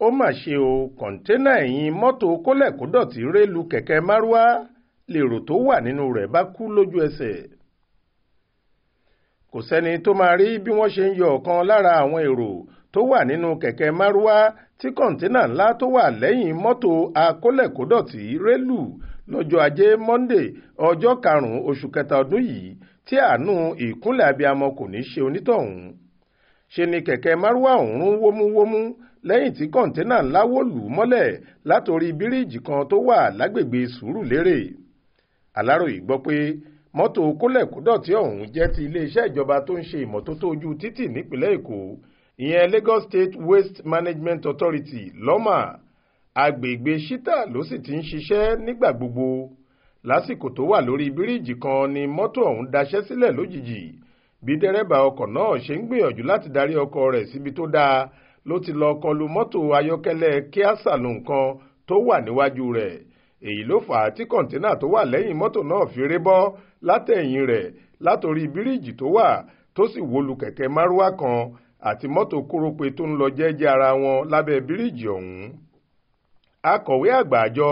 ó mà ṣe o kọ̀ńténà ẹ̀yìn mọ́tò kólẹ̀kódọ̀tì rélu kẹ̀kẹ́ márúwá lèrò tó wà nínú rẹ̀ bá kú lójú ẹsẹ̀ kò sẹ́ni tó máa rí bí wọ́n ṣe ń yọ ọ̀kan lára àwọn èrò tó wà nínú kẹ̀kẹ́ márúwá tí kọ̀ńténà ńlá tó wà lẹ́yìn mọ́tò akólẹ̀kódọ̀tì rélù lọ́jọ́ ajé monde ọjọ́ karùn-ún oṣù kẹta ọdún yìí tí àánú ìkúnlẹ̀ abiyamọ kò ní ṣe onítọ̀hún ṣe ni kẹ̀kẹ́ márúwá ọ̀hún wómúwómú lẹ́yìn tí kọ̀ǹténà ńlá wó lù ú mọ́lẹ̀ látòrí bíríìjì kan tó wà lágbègbè Sùúrùlérè Aláròyé gbọ́ pé mọ́tò kólẹ̀kúdọ̀tí ọ̀hún jẹ́ ti iléeṣẹ́ ìjọba tó ń ṣe ìmọ́tótó ojú títì nípìnlẹ̀ Èkó ìyẹn Lagos State Waste Management Authority lọ́mà agbègbè Ṣítà ló sì ti ń ṣiṣẹ́ nígbà gbogbo lásìkò tó wà lórí bíríìjì kan ni mọ́tò ọ̀hún daṣẹ́ sílẹ̀ lójijì bí dẹ́rẹ́bà ọkọ̀ náà ṣe ń gbìyànjú láti darí ọkọ̀ rẹ̀ síbi tó dáa ló ti lọ́ọ́ kọlu mọ́tò ayọ́kẹ́lẹ́ kíá sàlùn kan tó wà níwájú rẹ̀ èyí ló fà á tí kọ̀ǹtínà tó wà lẹ́yìn mọ́tò náà fi ré bọ́ látẹ̀yìn rẹ̀ látòrí bíríìjì tó wà tó sì wọlù kẹ̀kẹ́ márúwá kan àti mọ́tò kórópè tó ń lọ jẹ́jẹ́ ara wọn lábẹ́ bíríìjì ọ̀hún akọ̀wé àgbà àjọ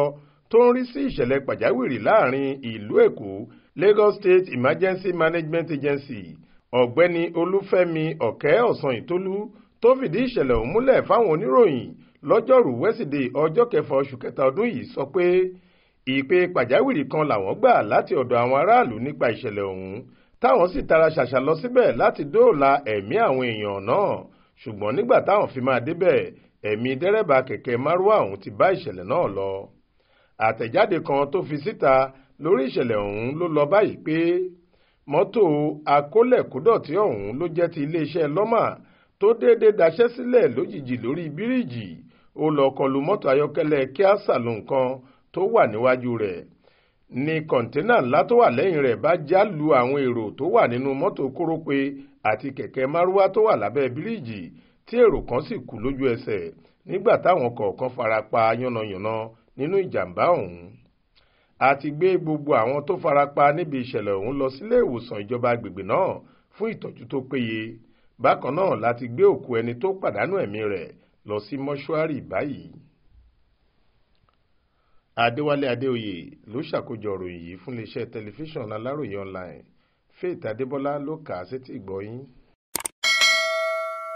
tó ń rí sí ìṣẹ̀lẹ̀ pàjáwìrì láàrin ìlú èkó Lagos State Emergency Management Agency ọ̀gbẹ́ni olúfẹ́mi ọ̀kẹ́ ọ̀sán ìtólú tó fìdí ìṣẹ̀lẹ̀ ọ̀hún múlẹ̀ fáwọn oníròyìn lọ́jọ́rùú wẹ́sídẹ̀ẹ́ ọjọ́ kẹfà oṣù kẹta ọdún yìí sọ pé ìpè pàjáwìrì kan làwọn gbà láti ọ̀dọ̀ àwọn aráàlú nípa ìṣẹ̀lẹ̀ ọ̀hún táwọn sì tara ṣàṣà lọ síbẹ̀ láti dóòlà ẹ̀mí àwọn èèyàn náà ṣùgbọ́n nígbà táwọn fi máa débẹ̀ ẹ̀mí dẹ́rẹ́bà kẹ̀kẹ́ márúwá ọ̀hún ti bá ìṣẹ̀lẹ̀ náà lọ àtẹ̀jáde kan tó fi síta lórí ìṣẹ̀lẹ̀ ọ̀hún ló lọ báyìí pé mọ́tò akólẹ̀kúdọ̀tí ọ̀hún ló jẹ́ ti iléeṣẹ́ lọ́mà tó déédé daṣẹ́ sílẹ̀ lójijì lórí bíríìjì ó lọ kọlu mọ́tò ayọ́kẹ́lẹ́ kíá sàlùn kan tó wà níwájú rẹ̀ ni kọ̀ńténà ńlá tó wà lẹ́yìn rẹ̀ bá já lu àwọn èrò tó wà nínú mọ́tò kórópè àti kẹ̀kẹ́ márúwá tó wà lábẹ́ bíríìjì tí èrò kan sì kú lójú ẹsẹ̀ nígbà táwọn kọ̀ọ̀kan fara pa yánnayànna nínú ìjàmbá ọ̀hún a ti gbé gbogbo àwọn tó fara pa níbi ìṣẹ̀lẹ̀ ọ̀hún lọ sílé ìwòsàn ìjọba agbègbè náà fún ìtọ́jú tó péye bákan náà láti gbé òkú ẹni tó pàdánù ẹ̀mí rẹ̀ lọ sí mọ́ṣúárì báyìí. Adéwálé Adéoyè ló ṣàkójọ ìròyìn yìí fún iléeṣẹ́ tẹlifíṣàn Aláròyé online Faith Adébọ́lá ló kà á sétí ìgbọ́